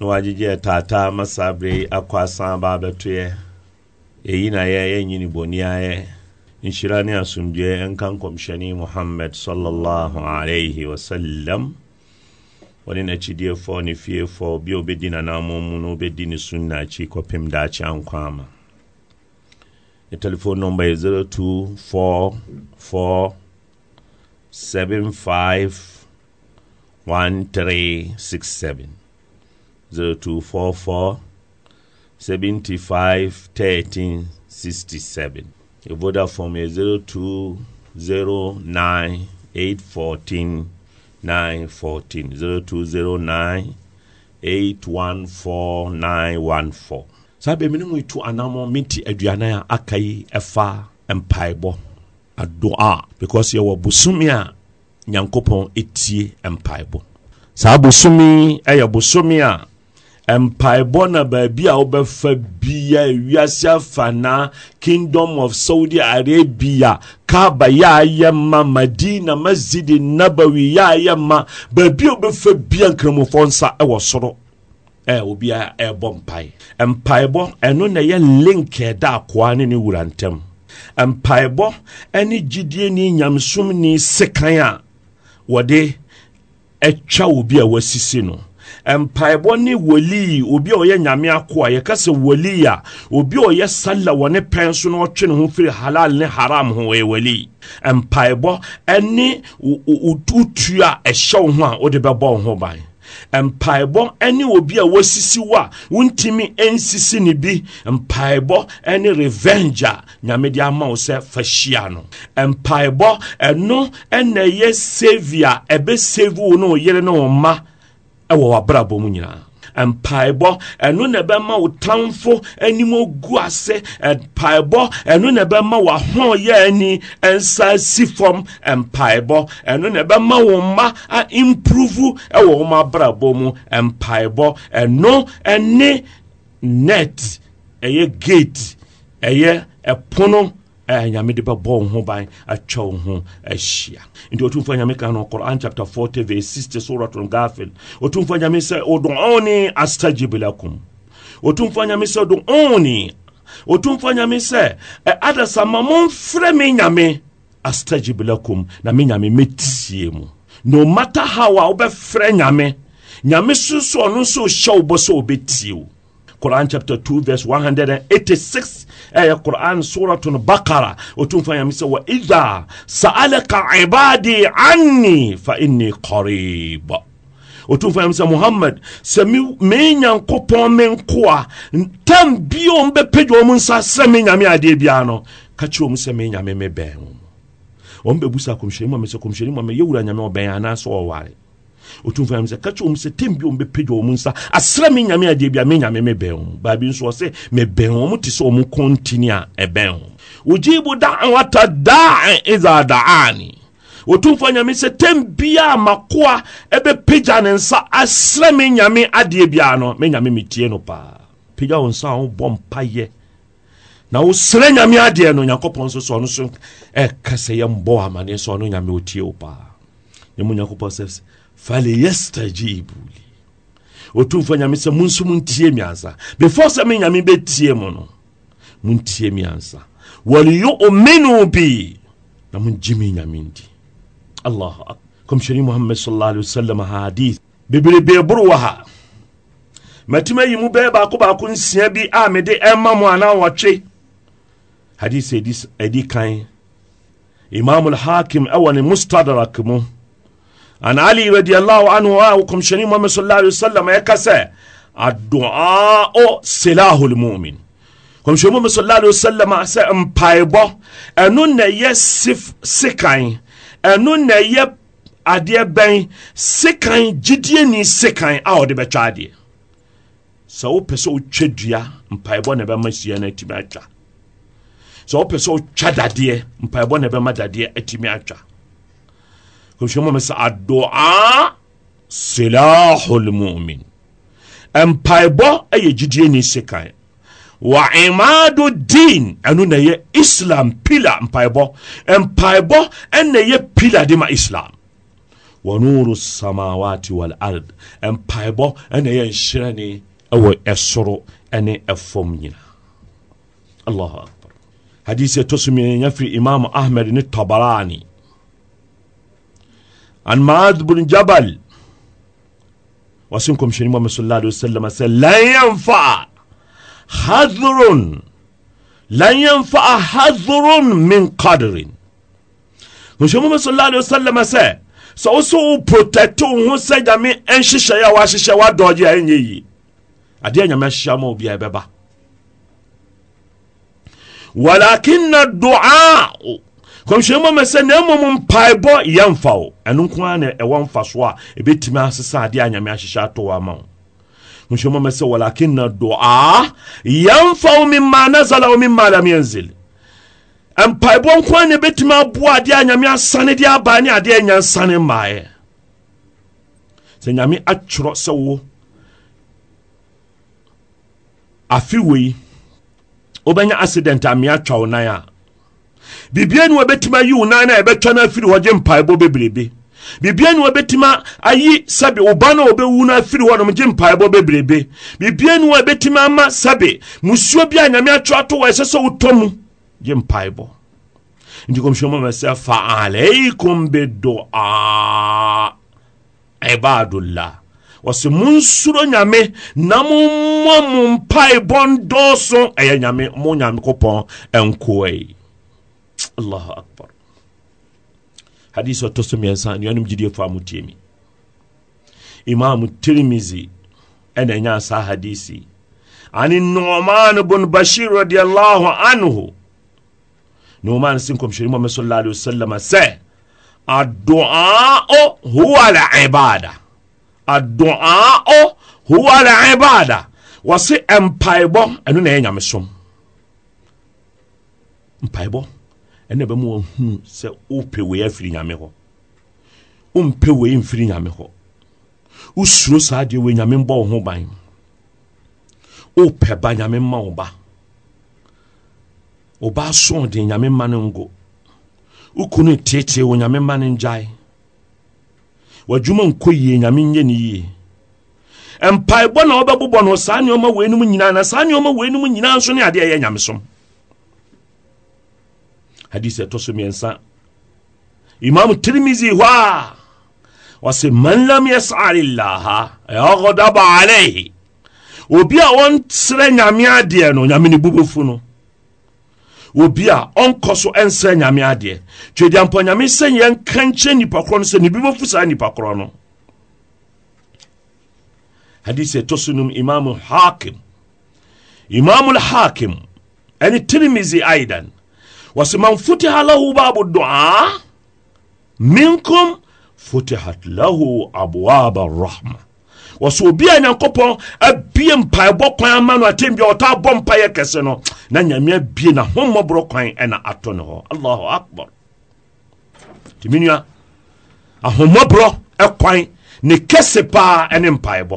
na wagyegyɛ taataa ma akɔ asan ba abɛtoyɛ ɛyi na yɛ yɛnyini bɔni ayɛ nhyira ne asomdwe nka nkɔmhyɛne muhammad sallallahu alaihi wasallam wɔne n'akyidiefoɔ ne fiefoɔ bi a wobɛdi nanammɔ mu no wobɛdi ne sunna akyi kɔpem daakye ankɔ ama ne telephone number yɛ 0244 75 1367 Zero two four four seventy 0244 75 13 67. A Vodafone is 0209 814 914. 0209 814 914. Saa bɛmi ne mu itu anammɔ minti aduanan a aka yi ɛfa mpaebɔ adoa because yɛwɔ bosome a nyankopɔn ɛtie mpaebɔ saa bosome ɛyɛ bosome a mpaebɔ na baabi a wobɛfa bia ewiase afa na kingdom of saudi arabia kaaba yɛ ma madina masjidi nabawi yɛ ayɛ ma baabi a wobɛfa bia nkramofoɔ nsa ɛwɔ soro ɛɛ obiara ɛɛbɔ mpae mpaebɔ ɛno na ɛyɛ link ɛda akoa ne ne wura ntam mpaebɔ ne gyidie ne nyamsom ne sekan a wɔde atwa obi a wasisi no mpaebɔ ne wɔlii obi a ɔyɛ nyame ako a yɛka sɛ wɔlii a obi a ɔyɛ sala wɔ ne pɛn so na ɔtwe ne ho firi halal ne haram ho ɔyɛ wɔlii mpaebɔ ɛne wotu a ɛhyɛ wo ho a wode bɛbɔ wo ho ban mpaebɔ ne obi a wɔsisi wo a wontumi nsisi ne bi mpaebɔ ne revenge a nyame de ama wo sɛ fa hyia no mpaebɔ ɛno ɛna ɛyɛ savi a wo ne wo yere ne wo mma ɛwɔ w'abrabɔ mu nyinaa mpaebɔ ɛno na ɛbɛma wo tamfo anim ogu ase mpaebɔ ɛno na ɛbɛma w'ahoɔyɛ ani nsa si fam mpaebɔ ɛno na ɛbɛma wo mma a improve ɛwɔ wɔn abrabɔ mu mpaebɔ ɛno ɛne net ɛyɛ gate ɛyɛ ɛpono. ɛɛ eh, nyame bɛbɔ wo ho ban atwa wo ho ahyia nti ɔtumfoɔ nyame ka no quran chapter 40 gafil nyame sɛ oduuni lakum nyame sɛ nyame sɛ e, momfrɛ me nyame astajib lakum na me nyame mɛtisie mu no matter how a wobɛfrɛ nyame nyame so nso hyɛ wo bɔ sɛ wobɛtie wo Quran chapter 2 verse 186 aya Quran suratul Baqara utumfanya misa wa idha sa'alaka ibadi anni fa inni qarib ɔtumfo nyame sɛ Muhammad semi me nyankopɔn me nkoa tam biyo mbe pejo mu nsa semi me nyame adeɛ biara no ka kyerɛ ɔ mu sɛ me nyame me bɛn ɔm bɛbu sa kɔmhyɛni mu a me sɛ kɔmhyɛni mu a me ɔtumfoɔ nyame sɛ ka kyɛ wɔm sɛ tem bi ɔm bɛpɛgya wɔ mu nsa asrɛ me nyame adeɛ bi a me nyame mebɛn ho baabi nso ɔsɛ mebɛn ho ɔmo te sɛ ɔmo kɔntini a ɛbɛn ho ojibu da'wata da'i iza da'ani ɔtumfoɔ nyame sɛ tem bia makoa ɛbɛpɛgya ne nsa asrɛ me nyame adeɛ biara no me nyame metie no paa pɛgya wo nsa a wobɔ mpayɛ na wosrɛ nyame adeɛ no onyankopɔn nso sɛ ɔno so ɛka sɛ yɛmbɔ amaneɛ sɛ ɔno nyame ɔtie wo paa ɛmu onyankopɔn sɛ falyastagibu li ɔtumfo nyame sɛ monso montie mi ansa before sɛ me nyame bɛtie mu no montie mi ansa waliyuminu bi na mongye me nyame ndi allahu akbar kɔmhyɛni muhammad sallallahu alaihi wasallam hadith bebrebe boro wɔ ha matumi yi mu bɛyɛ baako baako nsia bi a mede ɛma mu anaa wɔtwe hadith adi kan imam al-hakim ɛwɔ ne mustadrak mu An a li yiwe diyan la w an w a w koum chini mweme sol la li yo sol lema e ka se, a do a o silah ou l moumin. Koum chini mweme sol la li yo sol lema a se, mpaybo, e nou ne ye sif sikany, e nou ne ye adye ben sikany, jidye ni sikany, a ou dibe chadi. Sa ou pesou chidya, mpaybo neve mwen siyene iti me a chan. Sa ou pesou chadadiye, mpaybo neve mwen dadiye, iti me a chan. كم شو مس الدعاء سلاح المؤمن ام بايبا اي جديني سكاي وعماد الدين انو نيه اسلام بلا ام بايبا ام بايبا ان نيه بلا ديما اسلام ونور السماوات والارض ام بايبا ان نيه شراني او اسرو ان افوم الله اكبر حديث تسمي نفري امام احمد نتبراني عن معاذ بن جبل وسنكم شنو محمد صلى الله عليه وسلم لا ينفع حذر لن ينفع حذر من قدر nso mu sallallahu alaihi wasallam sɛ sɛ wo so wo protect wo ho sɛ nyame nhyehyɛe a wahyehyɛ woadɔgye a ɛnyɛ yie adeɛ a nyame ahyehyɛ ma obiaa ɛbɛba walakinna duaa kɔmhyɛn mu sɛ na mmom mpaebɔ yɛ mfa wo ɛno nko ara na ɛwɔ mfa so a ɛbɛtumi asesa adeɛ a nyame ahyehyɛ ato wɔ ama wo kɔmhyɛn mu sɛ walakinna doa yɛmfa wo mimma zala wo mimma lam yanzil mpaebɔ nko ara na ɛbɛtumi aboa adeɛ a nyame asane deɛ aba ne adeɛ nya nsane mmaeɛ sɛ nyame atwerɛ sɛ wo afe wei wobɛnya accident a mea wo nan a biribia ni wɔbɛtumi ayi wo nan na yɛbɛtwa no afiri hɔ gye mpaebɔ bebrebe biribia ni wɔbɛtumi ayi sɛbe wo ba no a wɔbɛwu no afiri hɔ nom gye mpaebɔ bebrebe biribia ni wɔbɛtumi ama sɛbe musuo bi a nyame atwerɛ ato wɔ ɛsɛ sɛ wotɔ mu gye mpaebɔ nti kɔmhyɛ mu sɛ fa alaikum bedoa ibadullah wɔsɛ monsuro nyame na mommɔ mo mpaebɔ ndɔɔso ɛyɛ nyame mo nyankopɔn ɛnkoa yi ssimi imam trmis neyasaa adise ani noman bn bashir raan noman seksirimm swm sɛ a libada wase mpaibɔ nunams ɛna ɛbɛma wahunu sɛ wopɛ wei afiri nyame hɔ wompɛ wei mfiri nyame hɔ wosuro saa deɛ wei nyame mbɔ wo ho ban wopɛ ba nyame mma wo ba wo ba asoɔden nyame mma no ngo wo kunu tietie wo nyame mma no ngyae w'adwuma nkɔ yie nyame nyɛ ne yie mpaebɔ na wɔbɛbobɔ no saa nneɔma wei nom nyinaa na saa nneɔma wei nom nyinaa nso ne adeɛ ɛyɛ nyamesom hadisi ya so mmiɛnsa imam tirmizi hɔ a ɔse man lam yasare laha ɛɔgɔdaba alaihi obi a ɔnsrɛ nyame adeɛ no nyame ne bubɔfu no obi a ɔnkɔ so ɛnsrɛ nyame adeɛ twediampɔ nyame sɛ yɛnka nkyerɛ nnipa korɔ no se ni bubɔfu saa nnipa korɔ no hadisi ɛtɔ so nom imam hakim imam hakim ɛne tirmizi aidan wasi man futiha lahu babu du'a minkum futihat lahu abwaba rahma wasu obi a nyankopɔn abie mpaebɔ kwan ama no atem bia ɔta abɔ mpaeɛ kɛse no na nyame abie na hommɔborɔ kwan ɛna atɔ ne hɔ allahu akbar nti me nua ahommɔborɔ ɛkwan ne kɛse paa ɛne mpaebɔ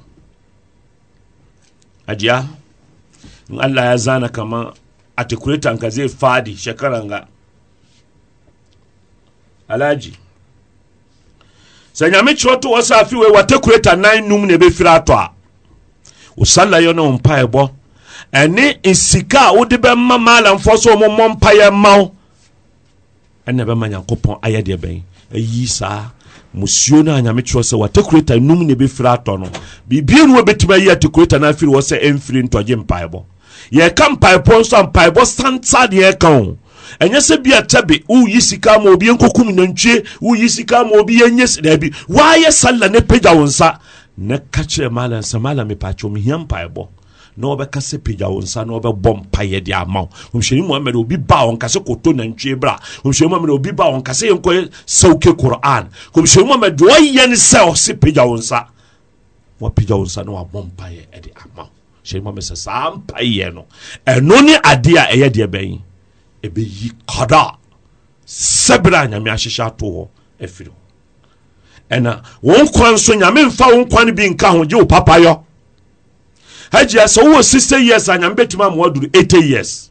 ajiya in allah ya zana kaman articulatan ka zai fadi shekaran ga alaji sɛ nyame kyerɛ to wɔ sɛ afi num na ɛbɛfiri atɔ a wo salayɛ no wo mpaebɔ ɛne nsika a wode bɛma maalamfoɔ so ɔmommɔ mpayɛ ma wo ɛna ɛbɛma nyankopɔn ayɛ deɛ bɛn ayi saa musuo no a nyame kyerɛ sɛ watakurata num na ɛbɛfiri atɔ no biribia no wabɛtumi ayi atikurata no afiri hɔ sɛ ɛmfiri ntɔgye mpaebɔ yɛka mpaebɔ nso a mpaebɔ sansa deɛ ɛka o ɛnyɛ sɛ bi atabe woyi sika ma obi yɛnkokum nantwie woyi sika ma obi yɛnyɛ daabi woayɛ sala ne pagya wo nsa na ka kyerɛ malam sɛ malam mepaakyɛ mehia mpaebɔ na wɔbɛka sɛ pagya wo nsa na wɔbɛbɔ mpayɛ de ama wo ɔmhyɛni muhammad obi ba wɔnka sɛ kɔtɔ nantwie bra ɔmhyɛni muhammad obi ba wɔnka sɛ yɛnkɔyɛ sɛwke quran ɔmhyɛni muhammad deɛ ɔyɛ ne sɛ ɔse pagya wo nsa wapagya wo nsa na wabɔ mpaeɛ ɛde ama wo hyɛ ma me sɛ saa mpaeɛ no ɛno ne adeɛ a ɛyɛ deɛ bɛyi ɛbɛyi kada sɛberɛ a nyame ahyehyɛ ato hɔ afiri hɔ ɛna wɔn kwan nso nyame mfa wɔn kwan bi nka ho gye wo papayɔ hagyia sɛ wowɔ 60 years a nyame bɛtumi ama woaduru 80 years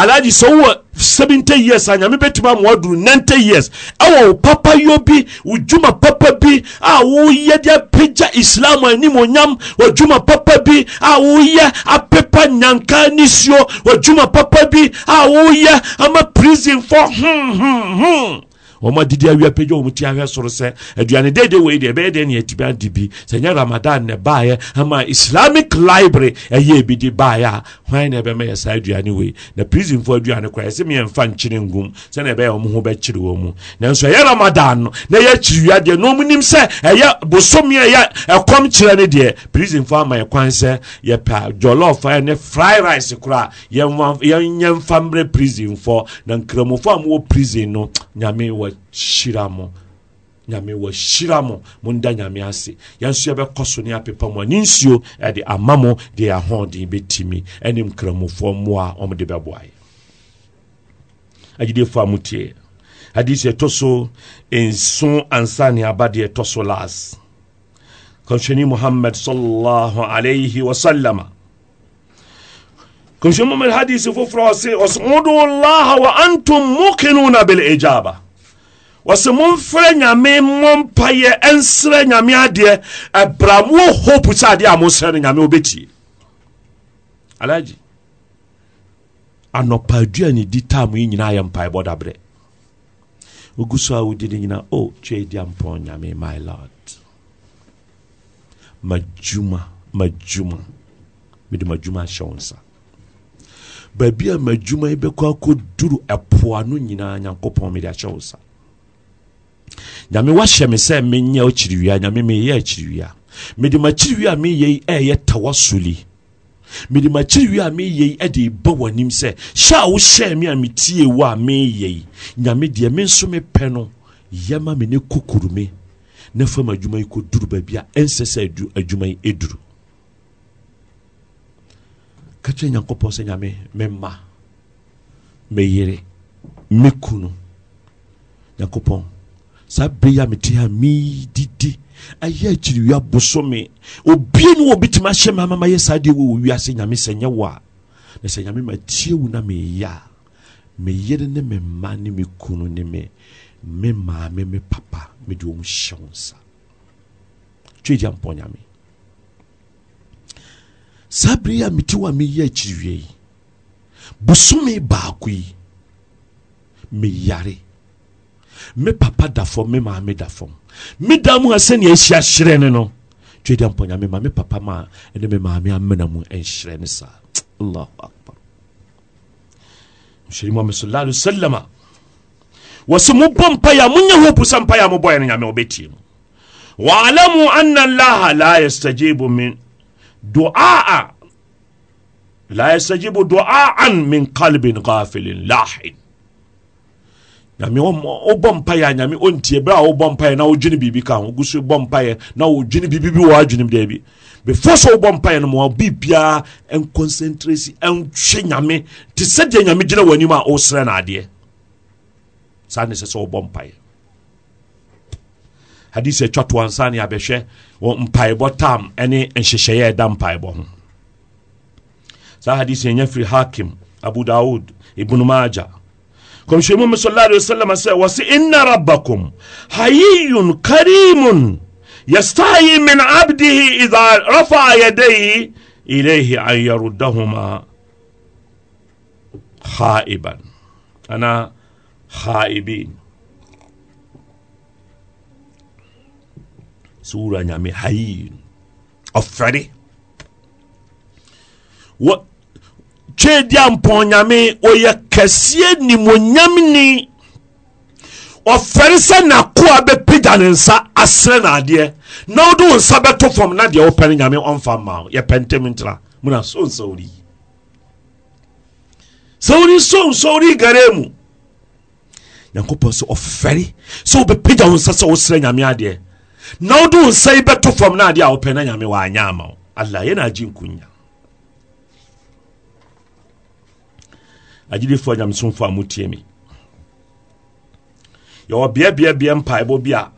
Alaji sɛ wowɔ 70 years a nyame bɛtumi ama waduru 90 years ɛwɔ wo papayɔ bi wo dwuma papa bi a woyɛ de apagya islam animonyam wadwuma papa bi a woyɛ apepa nyanka nisuo wadwuma papa bi a woyɛ ama prisonfo hmm, hmm, hmm wɔn adidi awia pagya wɔn ti ahwɛ soro sɛ aduane deede wei deɛ ɛbɛyɛ deɛ ne yɛtumi adi bi sɛ nyɛ ramadan na baayɛ ama islamic library ɛyɛ e ebi di baayɛ a hwan na ɛbɛma yɛ saa aduane wei na prisonfo aduane koraa ɛsɛ e mi yɛn fa nkyene ngum sɛnɛ ɛbɛyɛ wɔn ho bɛkyerɛ wɔn mu nanso ɛyɛ ramadan no na ɛyɛ akyiri wia deɛ na wɔn nim sɛ ɛyɛ bosomi ɛyɛ ɛkɔm kyerɛ ne deɛ e prisonfo ama yɛ kwan sɛ yɛpɛ jollof ne fry rice koraa yɛn yɛn yɛn fa mmerɛ prisonfo na nkramofo a wɔwɔ prison no nyame wɔ hyira mo nyame wɔ hyira mo monda nyame ase yɛnso yɛbɛkɔ so ne apepa mu ani nsuo ɛde ama mo deɛ ahoɔden bɛtumi ɛne nkramofoɔ mmoa a ɔmde bɛboaeɛ agyidefoɔ a motie hadis ɛtɔ so nso ansa ne aba deɛ ɛtɔ so las kɔnhwɛni muhammad sallallahu alaihi wasallama كنشوف من الحديث فوف راسي اسعدوا الله وانتم موقنون بالاجابه wɔsɛ momfrɛ nyame mompayɛ ɛnsrɛ nyame adeɛ ɛbra mo hope sɛ adeɛ a mosrɛ no nyame wobɛtie alagye anɔpa adua ne di tam yi nyinaa yɛ mpaebɔ daberɛ wogu so a wodi no nyina o oh, twɛ di ampɔ nyame my lord madwuma madwuma mede madwuma ahyɛ wo nsa baabi a madwuma yi bɛkɔ akɔduru ɛpoano nyinaa nyankopɔn mede akyɛ wo sa nyame wahyɛ me sɛ menyɛ wo kyiriwia nyame meyɛ akyiriwia mede makyiriwia a meyɛ yi ɛyɛ tawasuli mede makyiriwia a meyɛ yi ɛde bɔ w'anim sɛ hyɛ a wohyɛɛ me a metie wo a meyɛ yi nyame deɛ me nso mepɛ no yɛma me ne kokurume na fam adwuma yi kɔduru baabi a ɛnsɛ sɛ adwuma yi ɛduru ka kyerɛ nyankopɔn sɛ nyame me ma me yere me kunu nyankopɔn saa bere yi a mete a medidi ayɛ akyiriwia bosome obie no wɔ bɛtumi ahyɛ me ama mayɛ saa deɛ wɔ wiase nyame sɛ nyɛ wo a na sɛ nyame matie wo na meyɛ a me yere ne me ne me kunu ne me me maame me papa mede ɔm hyɛ wo nsa nyame saa bere yi a mete wɔ a meyɛ akyiriwie yi bosome baako yi meyare me papa da fam me maame da fam da mu ase sɛnea ahyia hyerɛ ne no twɛdi mpɔnyame ma me papa ma ne me maame amena mu ɛnhyerɛ ne saa allahu akbar mhyɛri muhammad sallallahu alaihi wasallam wɔ sɛ mobɔ mpaeɛ a monyɛ hopu ya mu a mobɔɛ no nyame wobɛtie wa alamu anna allah la yastajibu min duaa la yastajibu duaan min qalbin ghafilin lahin nyame wobɔ mpa ya nyame ɔntie berɛ a mpa ya na wodwene bibi ka ho gu so bɔ mpaeɛ na wodwene bibi bi wa adwenem daa bi before sɛ wobɔ mpaeɛ no ma biribiaa ɛnconcentrasi ɛntwe nyame te sɛdeɛ nyame gyina w'anim a wosrɛ no adeɛ saa ne sɛ sɛ wobɔ mpaeɛ hadise atwa to ansa ne abɛhwɛ wɔ mpaebɔ tam ne nhyehyɛeɛ ɛda mpaebɔ ho saa hadis ɛnya firi hakim abu daud ibnu maja kɔmhyɛmu me sala alei wasalam sɛ wɔ se inna rabbakum hayiyun karimun yastahi min abdihi idha rafa'a yadayhi ilayhi an yaruddahuma khaiban ana khaibin suura nyame hai ɔfrɛde twɛdi ampɔn nyame ɔyɛ kɛseɛ nimonyam ni ɔfɛre sɛ nakoa bɛpagya ne nsa asrɛ naadeɛ na wode wo nsa bɛto fam na deɛ wopɛ no nyame ɔmfa mma yɛpɛ ntɛm ntera muna sonsawori sɛ wori sonsawori gare mu nyankopɔn sɛ ɔfɛre sɛ wobɛpagya wo nsa sɛ wosrɛ nyame adeɛ na wode wo nsa yi bɛto fam no adeɛ a wopɛ na nyame waanyɛ ama wo allah yɛna agye nkonya agyidifoɔ nyamesomfo a motie me yɛwɔ beabeabea mpaebɔ bi a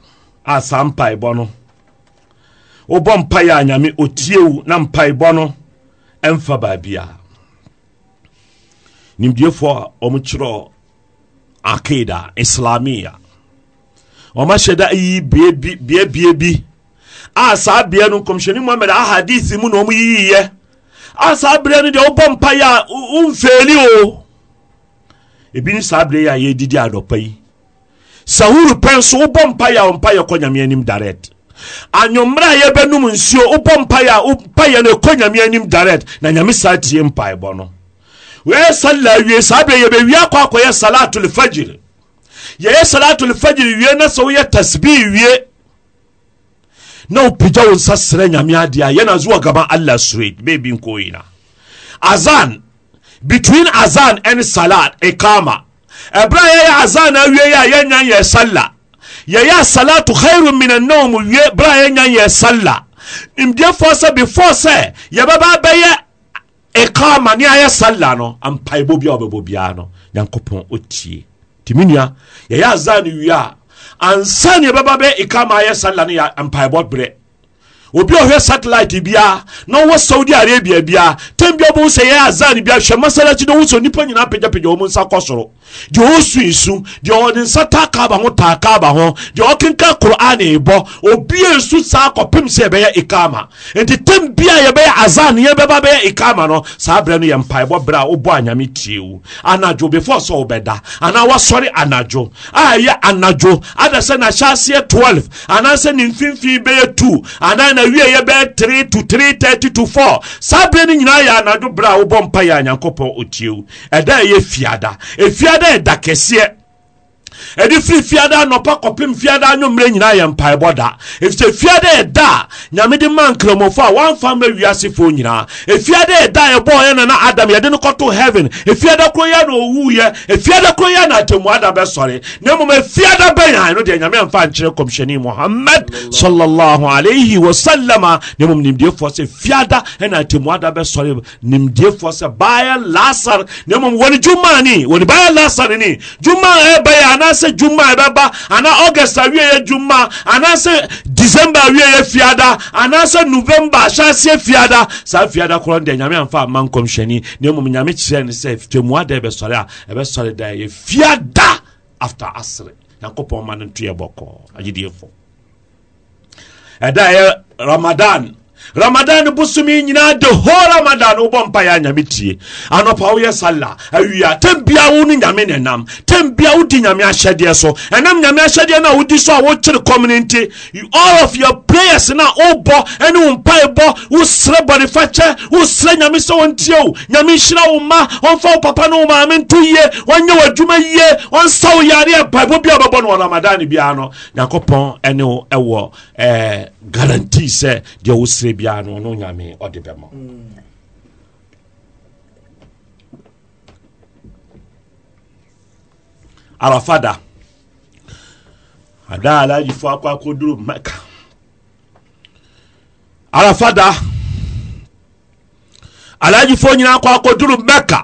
a saa mpaebɔ no wobɔ mpaeɛ a nyame ɔtie wo na mpaebɔ no ɛmfa baabia nimdiefoɔ a ɔmokyerɛ kyerɛ akida islamia wɔmahyɛ da yi beabie bi a saa beɛ no nkɔmhyɛni muhammad ahadisi mu na ɔm yiyiɛ a saa berɛ no deɛ wobɔ mpa yɛ a womfeeni o ebi ne saa berɛ yɛ a yɛdidi adɔpa yi sahuru pɛn so wobɔ mpayɛ a ɔmpayɛ kɔ nyame anim direct anwommerɛ a yɛbɛnom nsuo wobɔ mpayɛ a mpayɛ no ɛkɔ nyame anim direct na nyame saa tie mpaebɔ no wɛɛ sala awie saa berɛ yɛbɛwie akɔ akɔyɛ salatul fajiri yɛyɛ salatul fajiri wie na sɛ woyɛ tasbih wie na wopigya wo nsa serɛ nyame adeɛ a yɛna so wagama allah straight bebi nkɔyina azan between azan and salat ikama ɛberɛ a yɛyɛ azan wie yɛ a yɛnyan yɛ salla yɛyɛ asalatu khairu min annawm wie berɛ a yɛnyan yɛ salla nimdeɛfoɔ sɛ before sɛ yɛbɛba bɛyɛ ikama ne ayɛ salla no ampaebɔ bia wɔbɛbɔ biara no nyankopɔn ɔtie tìmí nua yɛyɛ azan no wie a ansa ne yɛbɛba bɛ ikama ayɛ sala no yɛ mpaebɔ berɛ obi a ɔhwɛ satellite bia na ɔwɔ saudi arabia bia tɛm bia ɔbɛn sɛ yɛn azan bia hwɛ masalakyi na wosɔ nipa nyinaa pagyapagya wɔn nsa kɔ soro deɛ ɔwɔ su nsu deɛ ɔwɔ ne nsa taa kaaba ho taa kaaba ho deɛ ɔkenka koraa bɔ obi a nsu saa kɔpem sɛ yɛbɛyɛ ikama nti tɛm bia yɛbɛyɛ azan yɛbɛba bɛyɛ ikama no saa berɛ no yɛ mpaebɔ berɛ a wobɔ anyame tie anadwo before sɛ wobɛda anaa wasɔre anadwo a ɛyɛ anadwo ada sɛ nahyɛ aseɛ 12 anaasɛ ne mfimfini bɛyɛ 2 anaa awie yɛ bɛyɛ 3 to 330 to 4 saa berɛ no nyinaa yɛ anadwo berɛ a wobɔ mpa yɛ onyankopɔn ɔtie wo ɛda ɛyɛ fiada ɛfiada ɛda kɛseɛ ɛde firi fiada nɔpa kɔpem fiada anwommerɛ nyinaa yɛ mpaebɔ da ɛfisɛ fiada ɛda a nyame de ma nkramɔfo a wɔamfa mmerɛ wiasefoɔ nyinaa ɛfiada ɛda a ɛbɔɔyɛ nana adam yɛde no kɔto heaven ɛfiada koro yɛ na ɔwuiɛ ɛfiada koro yɛ na atammuada bɛsɔre na mmom ɛfiada bɛnyan no deɛ nyame ɛmfa nkyerɛ kɔmhyɛni mohammad sallallahu alaihi wasallam a na mmom nimdiefoɔ sɛ fiada ɛna atammuada bɛsɔre nimdiefoɔ sɛ baayɛ lasar na mmom wɔne dwuma ni wɔne baayɛ lasar ni dwuma a ɛbɛyɛ ana anaasɛ Juma, a ɛbɛba anaa august awieɛ dwuma anaasɛ december awieɛ fiada anaasɛ november ahyɛaseɛ fiada saa fiada korɔ deɛ nyame amfa ama nkɔmhyɛni na mmom nyame kyerɛ no sɛ twamuada ɛbɛsɔre a ɛbɛsɔre da ɛyɛ fiada after asere nyankopɔn ma no ntoyɛ bɔkɔɔ agyediefoɔ ɛda ɛyɛ ramadan ramadan bosomi nyinaa the whole ramadan wobɔ mpa yɛ nyame tie anɔpa woyɛ sala awia tam bia wo no nyame ne nam tam bia wodi nyame ahyɛdeɛ so ɛnam nyame ahyɛdeɛ no a wodi so a wokyere kɔm all of your prayers na a wobɔ ne wo mpaebɔ wosrɛ bɔnefakyɛ wosrɛ nyame sɛ wɔntie o nyame nhyira wo ma ɔmfa wo papa ne wo maame nto yie wɔnyɛ w'adwuma yie ɔnsa wo yare mpaebɔ bi a no wɔ ramadan biara no nyankopɔn ne wo ɛwɔ guarantee sɛ deɛ wosere biara no ɔno nyame ɔde bɛma arafada ada alaajifo akɔ akɔduro mɛka arafada alaajifo nyinaa akɔ akɔduro mɛka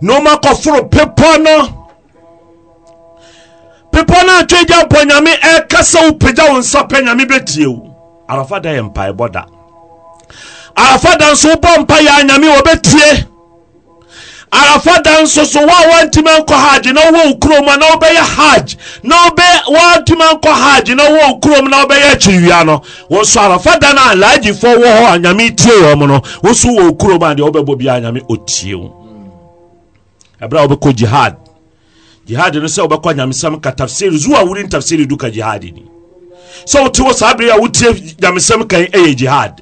na ɔma kɔforo pepɔ no bepɔ no atwagya mpɔ nyame ɛkasa wo pagya wo nsa pɛ nyame bɛtie wo arafa da yɛ mpaebɔ da arafa da nso wobɔ mpa yɛ nyame wɔbɛtie arafa da nso so wo a woantumi nkɔ hage na wowɔ wo kurom a na wobɛyɛ hage na woantumi nkɔ hage na wowɔ wo kurom na wobɛyɛ akyiriwia no wo nso arafa da no a laagifoɔ wɔ hɔ a nyame tie wɔ mu no wo nso wowɔ wo kurom a deɛ wobɛbɔ biara nyame ɔtie wo ɛberɛ a wobɛkɔ jihad jihadi no sɛ wobɛkɔ nyamesɛm ka tafsiri zu a wonim tafsiri du ka jihadi ni sɛ wote wɔ saa bere a wotie nyamesɛm kan ɛyɛ jihad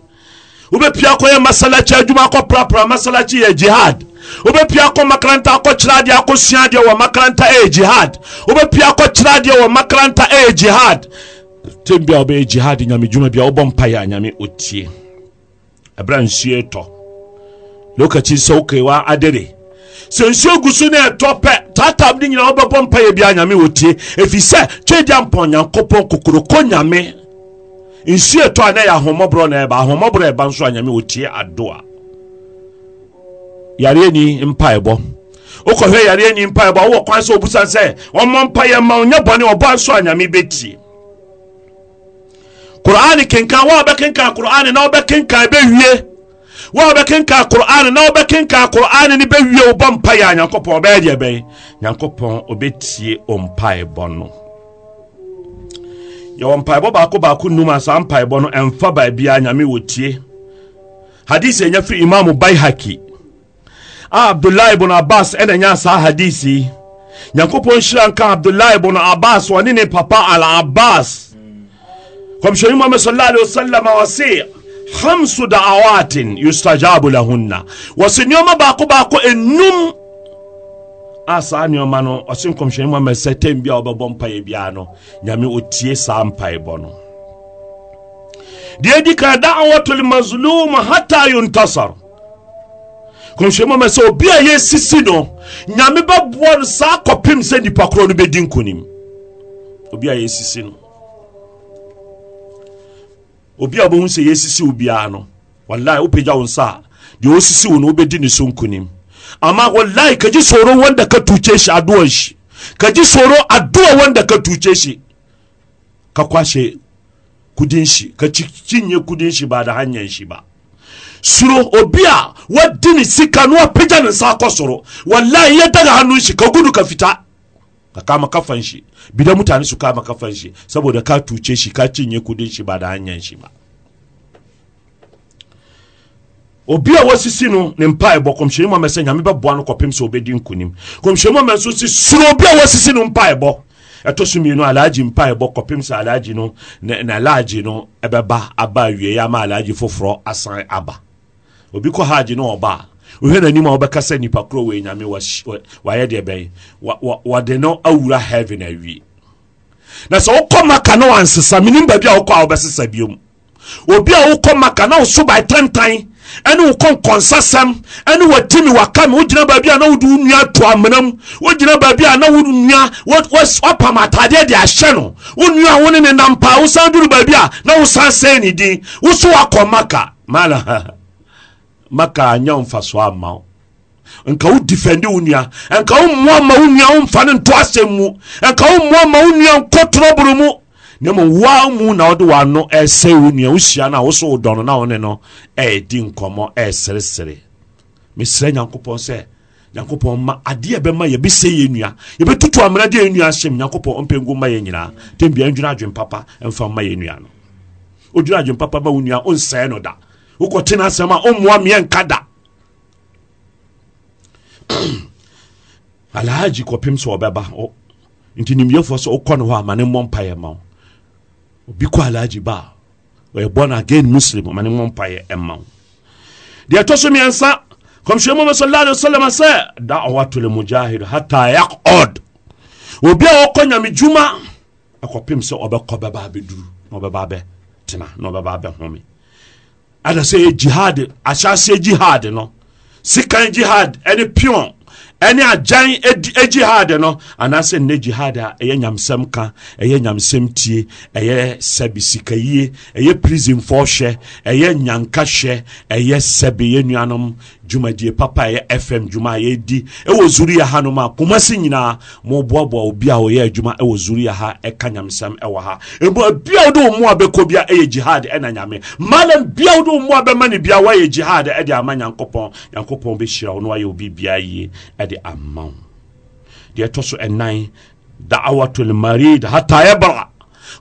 wobɛpia kɔyɛ masalakyi adwuma prapra masalakyi yɛ jihad wobɛpia kɔ makaranta akɔkyerɛ adeɛ akɔsua adeɛ wɔ makaranta ɛyɛ jihad wobɛpia akɔkyerɛ adeɛ wɔ makaranta ɛyɛ jihad tem bia wobɛyɛ jihad nyame dwuma bia wobɔ mpayɛ a nyame otie ɛberɛ nsuo tɔ lokaci sɛ wokɛwa adere sɛ nsuo gu so ne ɛtɔ pɛ taatam ne nyina wobɛbɔ mpayɛ biaa nyame wɔtie ɛfiri sɛ twɛdia mpa onyankopɔn kokoroko nyame nsuo ɛtɔ a na ɛyɛ ahommɔborɔ na ɛba ahommɔborɔ ɛba nso a nyame wɔtie adoa yareɛni mpaɛbɔ wokɔhwɛ yareɛni mpa a wowɔ kwan sɛ obusan sɛ ɔmmɔ mpayɛ ma onyɛ bɔne ɔbɔ nso a nyame bɛtie kur'ane kenkan wo a wobɛkenkan kur'ane na wobɛkenkan bɛwie wa wobɛkenka qur'an na wobɛkenka qur'an ne bɛwie wobɔ mpaeɛ a nyankopɔn ɔbɛyɛ deɛ bɛyɛ nyankopɔn ɔbɛtie ɔmpaebɔ no yɛwɔ mpaebɔ baako baako num a saa mpaebɔ no ɛmfa baabiaa nyame wɔtie hadise ɛnya firi imamu baihaki a abdullahi bun abbas ɛna nya saa hadise yi nyankopɔn hyira nka abdullahi bun abbas ɔne ne papa al abbas kɔmhyɛni muhammad sallallahu alaihi wasallam ɔse hamsu daawatin yustajabu lahunna wɔsɛ nneɔma baako baakɔ ɛnum a saa nneɔma no ɔsi kɔmhwɛnyimɔmɛsɛ tem bia wobɛbɔ mpaɛ bia no nyame ɔtie saa mpabɔ no deɛ di kae da awa tole mazlumu hata untasar kɔmhwɛnyimɔmɛ sɛ obi a yɛ sisi no nyame bɛboane saa kɔpem sɛ nnipakorɔ no bɛdi nkoni obi a wobɛhu sɛ yɛsisi wo biara no wallahi wopagya wo nsa a deɛ ɔsisi wo no wobɛdi ne so nkonim amma wallahi ka ji wanda ka tuce shi addu'ar shi ka ji tsoro wanda ka tuce shi ka kwashe kudin shi ka cinye kudin shi ba da hanyar shi ba suro obi a wadini sika no apagya ne nsa akɔ soro wallahi ya daga hannun shi ka gudu ka fita ka kama kafan shi bidan mutane su kama kafan shi saboda ka tuce shi ka cinye kudin shi ba da hanyar shi ba obi a wasisi no ne mpa ɛbɔ kɔmhyɛni mu amɛsɛ nyame bɛboa no kɔpem sɛ obɛdi nkonim kɔmhyɛni mu amɛ si soro obi a wasisi no mpa ɛbɔ ɛtɔ so mmienu alaagye mpa ɛbɔ kɔpem sɛ alaagye no na alaagye no ɛbɛba aba awie ama alaagye foforɔ asan aba obi kɔ haagye no ɔba wohwɛ n'anim a wobɛka sɛ nnipa korɔ wɔ nyame wayɛ deɛ bɛyɛ wɔde no awura heaven awie na sɛ wokɔ maka na wansesa menim baabi a wokɔ a wobɛsesa biom obi a wokɔ maka na woso bae tantan ɛne wo kɔnkɔnsasɛm ɛne watimi waka me wogyina baabi a na wode wo nua to amanam wogyina baabi a na wo nua wapam atadeɛ de ahyɛ no wo nua wo ne ne nampaa wosan duru baabi a na wosan sɛe ne din wo wakɔ maka mala maka anya mfaso ama wo nka wo difɛnde wo nua nka wo mmoa ma wo nua womfa no nto asɛm mu nka wo mmoa ma wo nua na mmom woa mu na wode wano ɛsɛ wo nua no a wo so wo dɔno na wo ne no ɛɛdi nkɔmmɔ ɛɛseresere mesrɛ nyankopɔn sɛ nyankopɔn ma adeɛ bɛma yɛbɛsɛ yɛ nua yɛbɛtutu amena nua nyankopɔn ma yɛ nyinaa ndwene adwen papa ma yɛ nua wokɔte no asɛm a ɔmmoa mmeɛ nka da alhaji kɔpem sɛ ɔbɛba nti nimyefoɔ sɛ wokɔ no hɔ ama ne mmɔ mpayɛ ma wo obi kɔ alhaji ba a ɔyɛ bɔn again muslim ama ne mmɔ mpayɛ ɛma e wo deɛ ɛtɔ so mmiɛnsa kɔmhyɛ mu sallallahu alaihi wasallam sɛ da'watul mujahid hatta yaqud obi a wɔkɔ nyame dwuma akɔpem sɛ ɔbɛkɔ bɛba abɛduru na ɔbɛba abɛtena na ɔbɛba abɛhome ɛna sɛ yɛ jihad ahyɛaseɛ jihad no sikan jihad ɛne pion ɛne agyan e, e jihad no anaasɛ nnɛ jihad a e ɛyɛ nyamsɛm ka ɛyɛ nyamsɛm tie ɛyɛ sɛbi sikayie ɛyɛ prisonfoɔ hyɛ ɛyɛ nyanka hyɛ ɛyɛ sɛbi yɛ nuanom dwumadie papa ɛyɛ fm dwuma a yɛdi ɛwɔ zuriya ha nom a kumasi nyinaa moboaboa obi a ɔyɛ adwuma ɛwɔ zuriya ha ɛka nyamesɛm ɛwɔ ha ɛmu biawo de ɔmo a bɛkɔ bia ɛyɛ jihad ɛna nyame malam biawo de ɔmo a bɛma ne bia wɔayɛ jihad ɛde ama nyankopɔn nyankopɔn bɛhyira wo na wayɛ obi bia yie ɛde ama wo deɛ ɛtɔ so ɛnan da'awatul marid hatta yabra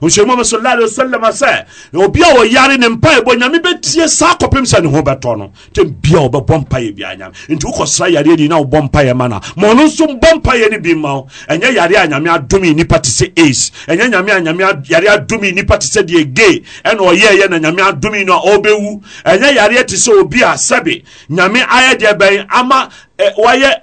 nhyɛmmɔm sallallahu alaihi wasallam sɛ obi a wɔyare ne mpaebɔ nyame bɛtie saa kɔpem sɛ ne ho bɛtɔ no ntɛm bia wɔbɛbɔ mpaeɛ biaa nyame nti wokɔsra yareɛ ni na wobɔ mpaeɛ ma no ma ɔno nso mbɔ mpaeɛ no bi ma wo ɛnyɛ yare a nyami adumi nnipa te sɛ ace ɛnyɛ nyami a nyami yare adome nnipa te sɛ deɛ gay ɛna ɔyɛɛyɛ na nyami adumi no a ɔbɛwu ɛnyɛ yareɛ te sɛ obi a sɛbe nyami ayɛ deɛ bɛn ama wayɛ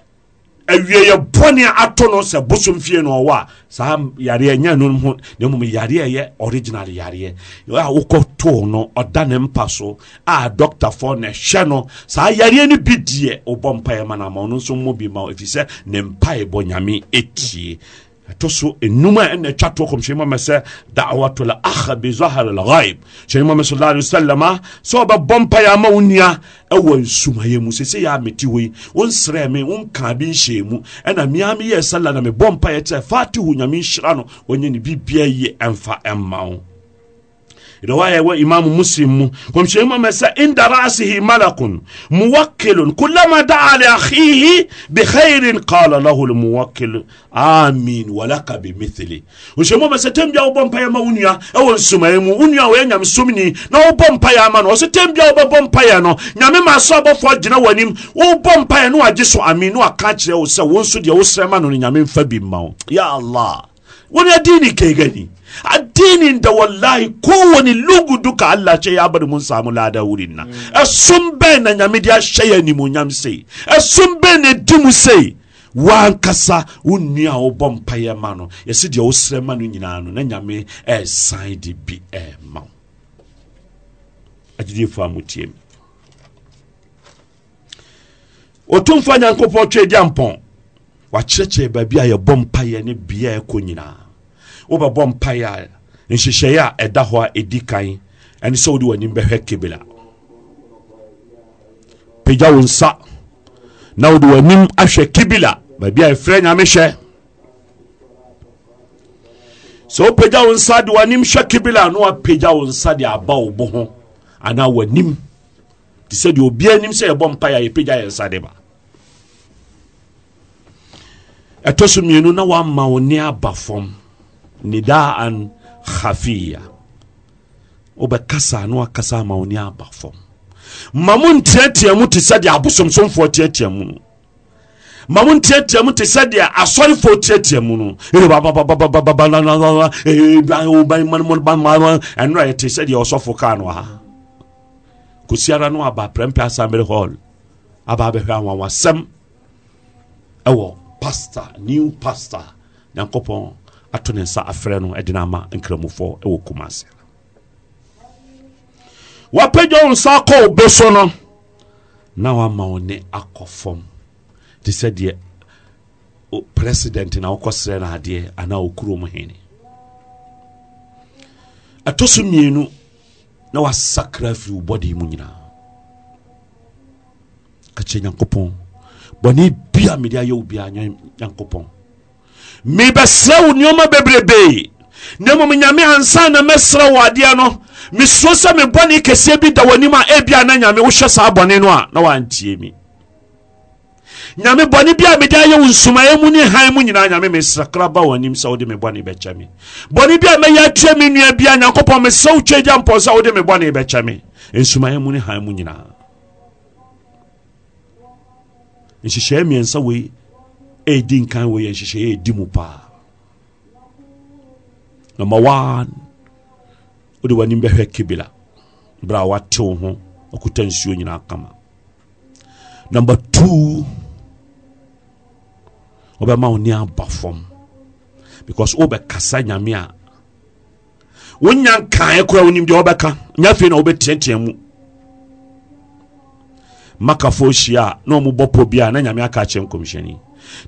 awieyɛ bɔne atɔ no sɛ bosom fie no ɔwɔ a saa yareɛ ɛnya no ho na mmom yareɛ yɛ original yareɛ a wokɔ too no ɔda ne mpa so a dɔktafoɔ na ɛhwɛ no saa yareɛ no bi deɛ wobɔ mpaeɛ ma no ama ɔno nso mmɔ bi ma ɛfiri sɛ ne mpaeɛbɔ nyame ɛtie ɛto so enum a ɛna ɛtwa to kɔmhyɛn mu sɛ da'awatu la aha bi zahar al ghaib hyɛn mu sallallahu alaihi wasallam sɛ ɔbɛbɔ mpaeɛ ama wo nua ɛwɔ nsumayɛ mu sɛ sɛ yɛ amete wei wonsrɛ me wonka bi nhyɛn mu ɛna mea meyɛɛ sala na mebɔ mpaeɛ tɛ fatihu nyame nhyira no ɔnyɛ ne bibia yie ɛmfa ɛmma wo riwaya wa imamu muslim mu komshe mu masa inda rasihi malakun muwakkilun kullama da'a li akhihi bi khairin qala lahu al muwakkil amin wa laka bi mithli komshe mu masa tembia wo bompa ya mawunya e won sumaye mu unya wo nyam sumni na wo bompa ya ma no so tembia wo bompa ya no nyame ma so abofo gina wanim wo bompa ya no agye amin no aka kire wo se wo nso de wo srema no nyame mfa bi ma ya allah wani addini ke gani addinin da wallahi kowane lugu duka Allah ce ya bari mun samu lada wurin nan e sun bai na nyame dia shaye ni mu nyam sei e sun bai na dimu sei wankasa wo nua a wobɔ mpayɛ ma no yɛsi deɛ wosrɛ ma no nyinaa no na nyame ɛresan de bi ɛrema wo agyediefoɔ a motie mu ɔtomfoɔ nyankopɔn twɛ di ampɔn wakyerɛkyerɛ baabi a yɛbɔ mpaeɛ ne bea a ɛkɔ nyinaa wobɛbɔ mpaeɛ a nhyehyɛeɛ a ɛda hɔ a ɛdi kan ɛne sɛ wode w'anim bɛhwɛ kebela pagya wo nsa na wode w'anim ahwɛ kibila baabi a ɛfrɛ nyame hyɛ sɛ wopagya wo nsa de w'anim hwɛ kibila na wapagya wo nsa de aba wo bo ho anaa w'anim te sɛ deɛ obiaa nim sɛ yɛbɔ mpaeɛ a yɛpagya yɛ nsa de ba ɛtɔ so mmienu na wama wo ne aba fam nidaan khafiya wobɛkasa na wakasa ama wo ne aba fam ma mo nteatea mu te sɛdeɛ abosomsomfoɔ teatea mu no ma mo nteatea mu te sɛdeɛ asɔrefoɔ teatea mu no ɛnora yɛte sɛdeɛ ɔsɔfo kaa no ha kɔsiara no aba prɛmpɛ assembly hall aba bɛhwɛ awawasɛm ɛwɔ pastor new pastor nyankopɔn ato ne nsa afrɛ no ɛde no ama nkramofoɔ ɛwɔ kumase wapagya wo nsa akɔ obe so no na wama wo ne akɔ fam te sɛ deɛ president na wokɔsrɛ no adeɛ anaa okurom hene ɛtɔ so mmienu na wasakra afiri wo bɔde mu nyinaa ka kyerɛ nyankopɔn bɔne bia mede ayɛ wo bia nyankopɔn mebɛsrɛ wo nneɔma bebrebee na mmom nyame ansa na mɛsrɛ wo adeɛ no mesuo sɛ me bɔne kɛseɛ bi da w'anim a ebia na nyame wohyɛ saa bɔne no a na wantie mi nyame bɔne bi a mede ayɛ wo nsumaeɛ mu ne han mu nyinaa nyame mesrɛ kra ba w'anim sɛ wode me bɔne bɛkyɛ me bɔne bi a mɛyɛ atua me nnua bia nyankopɔn mesrɛ wo twa gya mpɔ sɛ wode me bɔne bɛkyɛ me nsumaeɛ mu ne han mu nyinaa nhyehyɛeɛ mmiɛnsa wei ɛɛdi nkan wei yɛ nhyehyɛeɛ ɛɛdi mu paa number one wode w'anim bɛhwɛ kibila berɛ a watew ho akuta nsuo nyinaa kama number two wobɛma wo ne aba fam because wobɛkasa nyame a wonya nkaeɛ kora wonim deɛ wobɛka nya afei na wobɛteatea mu makafoɔ hyia na ɔmo bɔ pɔ bia na nyame aka akyerɛ nkɔmhyɛni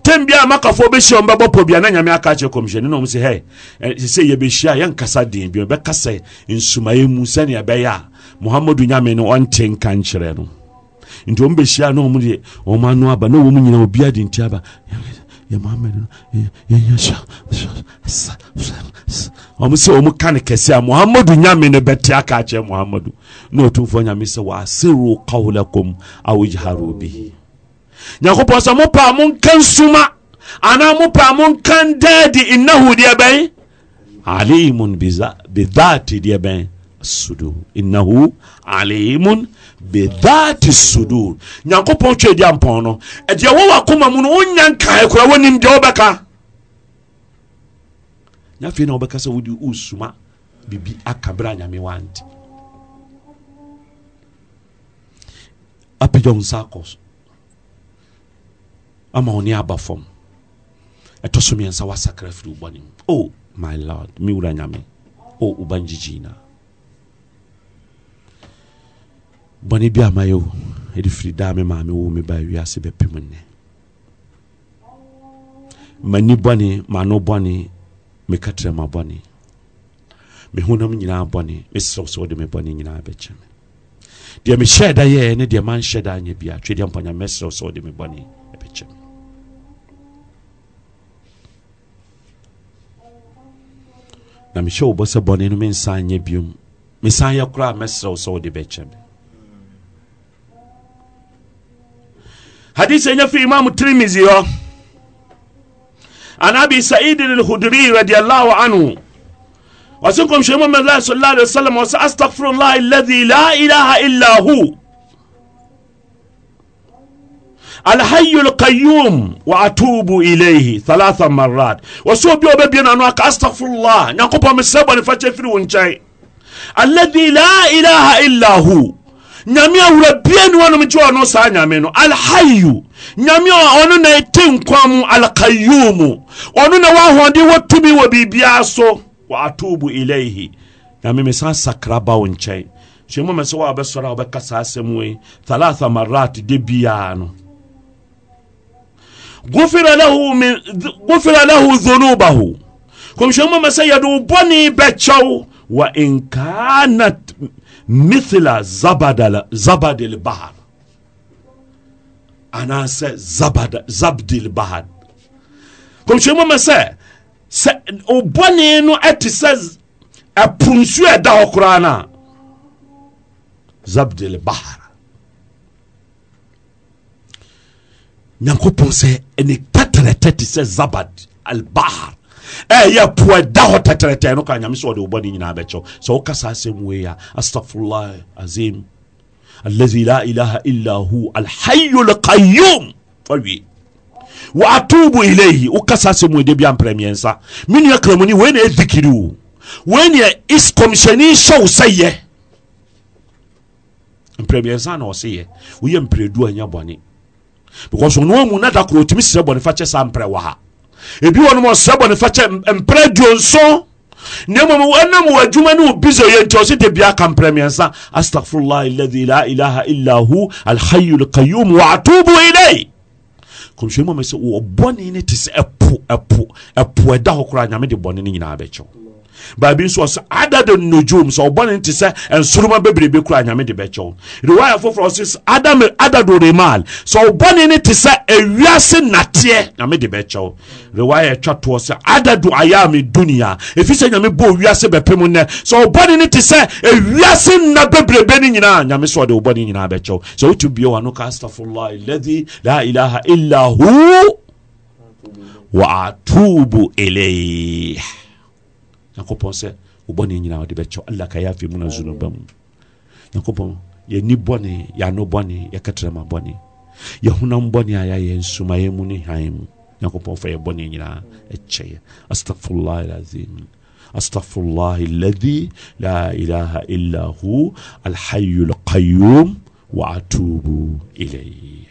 tem bia makafoɔ bɛhyia ɔmo bɛbɔ pɔ bia na nyame aka akyerɛ nkɔmhyɛni na ɔmo sɛ hɛ sɛ yɛbɛhyia yɛnkasa den bi bɛkasa nsumayɛ mu sɛnea ɛbɛyɛ a muhammadu nyame no ɔnte nka nkyerɛ no nti ɔmo bɛhyia na ɔmo deɛ ɔmo ano aba na ɔmo nyinaa obi adi nti aba yɛmaamɛde no yɛnya ɔm sɛ ɔmu ka no kɛsɛ a mohamado nyame no bɛte aka akyerɛ mohamado na ɔtumfoɔ nyame sɛ wɔaseru kaulakum aw ijharu bihi nyankopɔn sɛ mopaa monka nsuma anaa mopaa monka ndaadi innahu deɛ bɛn alimun bidhati deɛ bɛn sudur innahu alimun bidhati sudur nyankopɔn twa di ampɔn no ɛdeɛ wɔwɔ akoma mu no wonya nkae kora wonim deɛ wobɛka na afei na wobɛka sɛ wode wosuma biribi aka berɛ a nyame wante apagya wo nsa akɔ ama wo ne aba fam ɛtɔ so mmiɛnsa woasakra firi wo mu o oh, my lord me wura nyame o oh, wobangyegyi naa bɔne bi ama yɛo ɛde firi daa me maame wo me baa wiase bɛpem nnɛ m'ani bɔne m'ano bɔne me ma bɔne me honam nyinaa bɔne mesrɛ sɛ wode me bɔne nyinaa bɛkyɛ me deɛ mehyɛɛ da yɛɛ ne deɛ manhyɛ da anyɛ bia twedeɛ mpanya mɛsrɛ sɛ wode me bɔne ɛbɛkyɛ me na mehyɛ wo bɔ sɛ bɔne no mensan nyɛ biom mesan yɛ koraa mɛsrɛ wo sɛ wode bɛkyɛ me hadisi yenye fi imamu tirmizi yo an abi saidin alhudri radiallahu anhu wasinkom shemu mlah sallallahu alaihi wasallam wasa astaghfirullah alladhi la ilaha illa hu الحي القيوم واتوب اليه ثلاث مرات وسو بيو بيبي نانو استغفر الله نكوبا مسبا نفتشفري ونجاي الذي لا اله الا هو nyame awura bia ni wɔnom gye ɔno saa nyame no alhayu nyame a ɔno na ɛte nkwa mu alkayumu ɔno na wahoɔden wɔ tumi wɔ biribiaa so waatubu ilaihi nyame mesan sakra ba wo nkyɛn hyɛ mmɔmɛ sɛ woabɛsɔre a wobɛka saa sɛm wei thalatha marat de biaa no gufira lahu dhunubahu kɔmhyɛ mmɔmɛ sɛ yɛde wo bɔne bɛkyɛw wa inkanat Mithila zabadala, zabadil bahar. se zabad zabdil bahar. Comme je sɛ, sɛ obɔne no et sɛ ɛpo nsuo a ɛda dans le no a, zabdil bahar. nyankopɔn sɛ têtes quatre te sɛ zabad bahar ɛyɛ po ɛda hɔ tɛtrɛtɛ no ka nyame sɛ ɔde wobɔne nyinaa bɛkyɛ sɛ woka saa sɛm wei a astafurullah azim الذي لا إله إلا هو الحي القيوم فوي وأتوب إليه وكسا سمو دي بيان بريمينسا من يكرمني وين يذكرو وين يس كومشني شو سيه mprɛmiɛnsa na ɔse yɛ woyɛ mprɛdu anya bɔne because ɔno amu na da koro ɔtumi serɛ bɔne fa kyɛ saa mprɛ wɔ ha ebi wɔnom ɔsɛ bɔne fakyɛ mprɛ duonso na mmom ɛnam wɔ adwuma ne wo biso yɛ nti ɔse de bia ka mprɛmiɛnsa astagfirullah alladhi la ilaha illa hu alhayu alqayum wa atubu ilai kɔmhyɛ mu amɛ sɛ wɔbɔne ne te sɛ ɛpo ɛpo ɛpo ɛda hɔ koraa nyame de bɔne no nyinaa bɛkyɛw baabi nso ɔsɛ adada nojum sɛ ɔbɔne te sɛ nsoroma bebrebe kura nyame de bɛkyɛw rewaya foforɔ ɔsɛ adam adado remal sɛ ɔbɔne ne te sɛ ewiase nateɛ nyame de bɛkyɛw rewaya ɛtwa toɔ sɛ adado ayame dunia ɛfi sɛ nyame bɔ owiase bɛpem nnɛ sɛ ɔbɔne ne te sɛ ewiase nna bebrebe no nyinaa nyame sɛ ɔde wobɔne nyinaa bɛkyɛw sɛ wotu bie wano ka astafurlah alladhi la ilaha illa hu wa atubu ilayh nyankopɔn sɛ wo bɔne nyina wode bɛkyɛw ala ka yɛafe mu na zunuba mu nyankopɔn yɛni bɔne yɛano bɔne yɛkatrama bɔne yɛhonam bɔne a yɛayɛ nsumayɛ mu ne han mu nyankopɔn fa yɛ bɔne nyinaa ɛkyɛyɛ astafurlah alazim استغفر الله الذي لا اله الا هو الحي القيوم واتوب اليه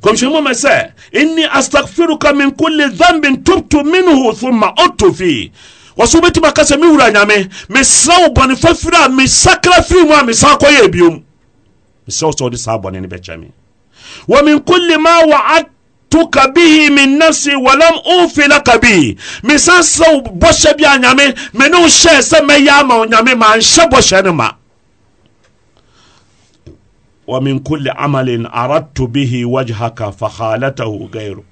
kse mɔmsɛ ini astagfiruka min kl zambin tptu minh uma ot f waswo bɛtima kasɛ me wura yam me sɛ bɔne ffra me sakra firi mua me sa kɔyɛ biom msɛ s d sabɔn ɛɛm wa min kl ma waatka bih min nasi walam ofilaka b me san sɛ bɔsɛ bia yam mene sɛ sɛ mya ma yammasɛ bɔsɛnma wa min kulli amalin aradtu bihi wajhaka fakhalatahu gairu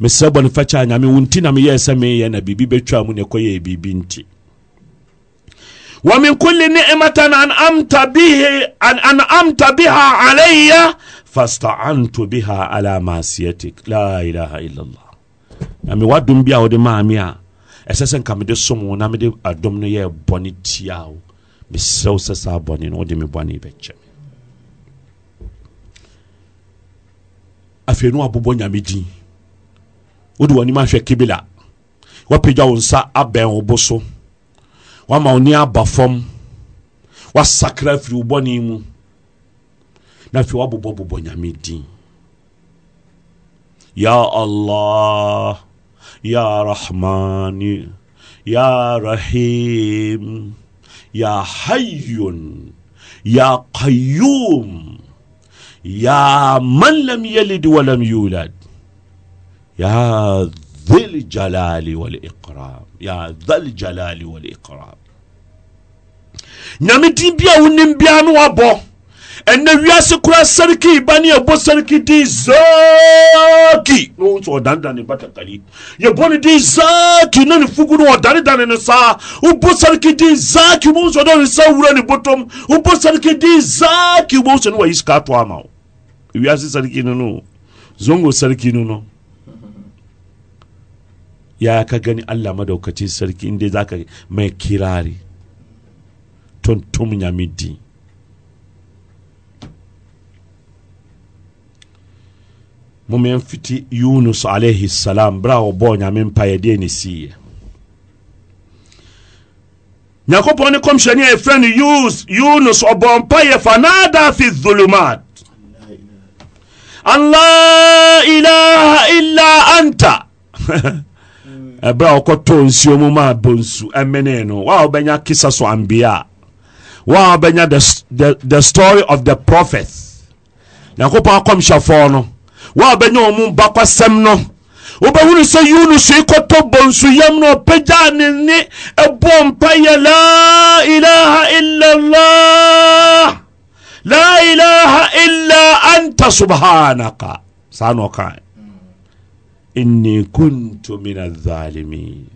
mesrɛ bɔne fakyɛ nyame wo nti na meyɛɛ sɛ meyɛ na biribi bɛtwa mu ne ɛkɔyɛɛ biribi nti wa min kulli ni'matan an'amta bihi an an'amta biha alayya fasta'antu biha ala masiyatik la ilaha illa allah nyame wadom bi a wode maa me a ɛsɛ sɛ nka mede som wo na mede adom no yɛɛ bɔne tia wo mesrɛ wo sɛ saa bɔne no wode me bɔne bɛkyɛ me afei ne wabobɔ nyame din wode w'anim ahwɛ kibila woapagya wo nsa abɛn wo bo so woama wo ne aba fam woasakra afiri wo bɔne mu na afei woabobɔbobɔ nyame din ya allah ya rahmani ya rahim يا حي يا قيوم يا من لم يلد ولم يولد يا ذي الجلال والإكرام يا ذا الجلال والإكرام نمتي بيا ونم بيا نوابو ɛnɛ wiase kora sarki ba ne yɛbɔ sarki din zaki na wo nso ɔdanedane ne batakari yɛbɔ ne din zaki na ne fugu no ɔdanedane ne saa wobɔ sarki din zaki mo nso ɔdɔ ne sa wura ne botom wobɔ sarki din zaki mo nso ne wayi sika to ama wo wiase sarki no no zongo sarki no no ya ka gani allah madaukacin sarki inda za ka mai kirari tuntum nyamidi mome mfiti yunus alaihi salam berɛ a ɔbɔɔ nyame mpaeɛ deɛ ne siiɛ nyankopɔn ne kɔmhyɛne a ɛfrɛ no yunus ɔbɔɔ mpayɛ fanada fi dhulumat allah ilaha illa anta ɛberɛ eh, a wɔkɔtɔɔ nsuo mu ma bonsu ɛmenee no wa wobɛnya kisa so ambia wa wobɛnya the, the, the story of the prophet nyankopɔn akɔmhyɛfoɔ no wɔabɛnya ɔ mu ba kwasɛm no wobɛhunu sɛ yunus yi kɔtɔ bonsu yam no ɔpagyaa ne nne ɛbɔɔ mpayɛ la ilaha illallah la ilaha illa anta subhanaka saa na ɔkae inni kuntu min azalimin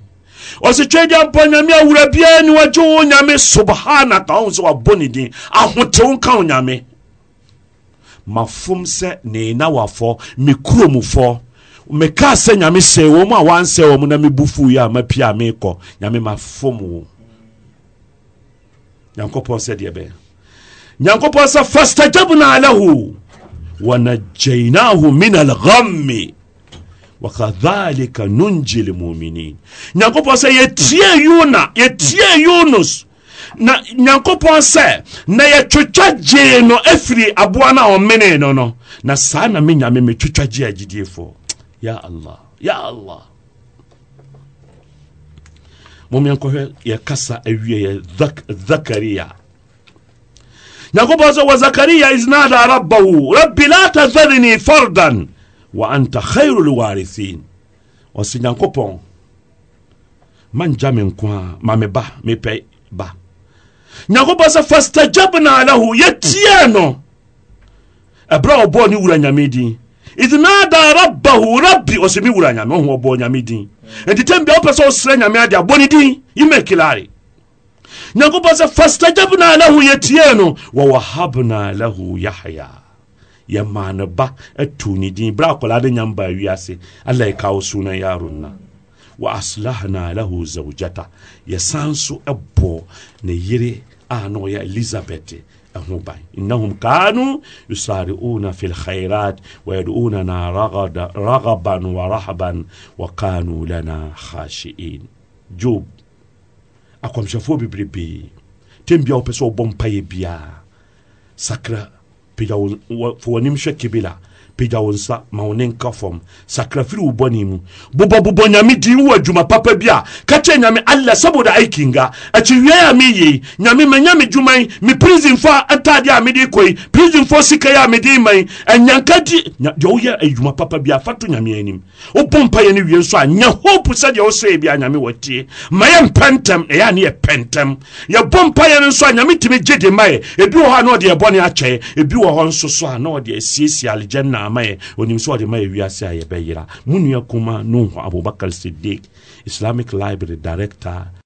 ɔsɛ twɛ gya mpa nyame awura biara ni wagye wo nyame subhanaka ɔhu sɛ wabɔ ne din ahotew nka wo nyame mafom sɛ ne nawafɔ me kuromufɔ mekaa sɛ nyame sɛe wɔ mu a wansɛ wɔ mu na mebu fuu yɛ a mapie a mekɔ nyame mafom wo nyankopɔn sɛ deɛ bɛyɛ nyankopɔn sɛ fastajabna lahu wanajjainahu min alghammi wakadhalika nunji lmuminin nyankopɔn sɛ yɛtie yuna yɛtie yunus na nyankopɔn sɛ na yɛtwitwa gyee no afiri aboa no a ɔmenee no no na saa na me nyame metwitwa gye agyidiefoɔ ya allah ya allah momeɛnkɔhwɛ yɛkasa awie yɛ zakaria nyankopɔn sɛ wa zakaria isnada rabbahu rabbi la tazarini fardan wa anta khairu lwarithin ɔsɛ nyankopɔn mangya me nko a ma me ba mepɛ ba nyankopɔn sɛ fastajabna lahu yɛtiɛ no ɛberɛ a ɔbɔɔ ne wura nyame din idnada rabbahu rabbi ɔsɛ me wura nyame ɔho ɔbɔɔ nyame din enti tam bia wopɛ sɛ wosrɛ nyame ade abɔ ne din yimɛkilare nyankopɔn sɛ fastajabna lahu yɛtiɛ no wawahabna lahu yahya yɛmaa ne ba atu ne din berɛ akɔla de nyamba wiase ala ɛka wo so no وأصلحنا له زوجته يسان سو أبو نيري آنو يا إليزابيث أهو إنهم كانوا يسارعون في الخيرات ويدعوننا رغبا ورهبا وكانوا لنا خاشئين جوب أقوم شافوا ببريبي تنبيا وبسوا بومباي بيا سكرة بيا شكي بلا pagya wo nsa ma wo ne nka fam sakrafiri wo bɔne mu bobɔbobɔ nyame din wo adwuma papa bi a ka kyerɛ nyame alla saboda aiki nga akyiwiai a meyei nyame manya me dwuman me prisonfo atadeɛ a mede kɔi sika sikai a mede mai anyanka di deɛ woyɛ adwuma papa bi a fa nyame anim wobɔ mpayɛ no wie nso a nyɛ hope sɛdeɛ wosɛe bi a nyame wɔtie ma yɛ mpɛntɛm ɛyɛ a ne yɛ pɛntɛm yɛbɔ mpayɛ no nso a nyame tumi gye de ma yɛ ebi wɔ hɔ a na ɔde ɛbɔne akyɛe ebi wɔ hɔ nso so a na ɔde asiesie algyanna ama yɛ onim sɛ ɔde ma yɛ wiase a yɛbɛyera mu nua kuma nuhu abubakar siddiq islamic library director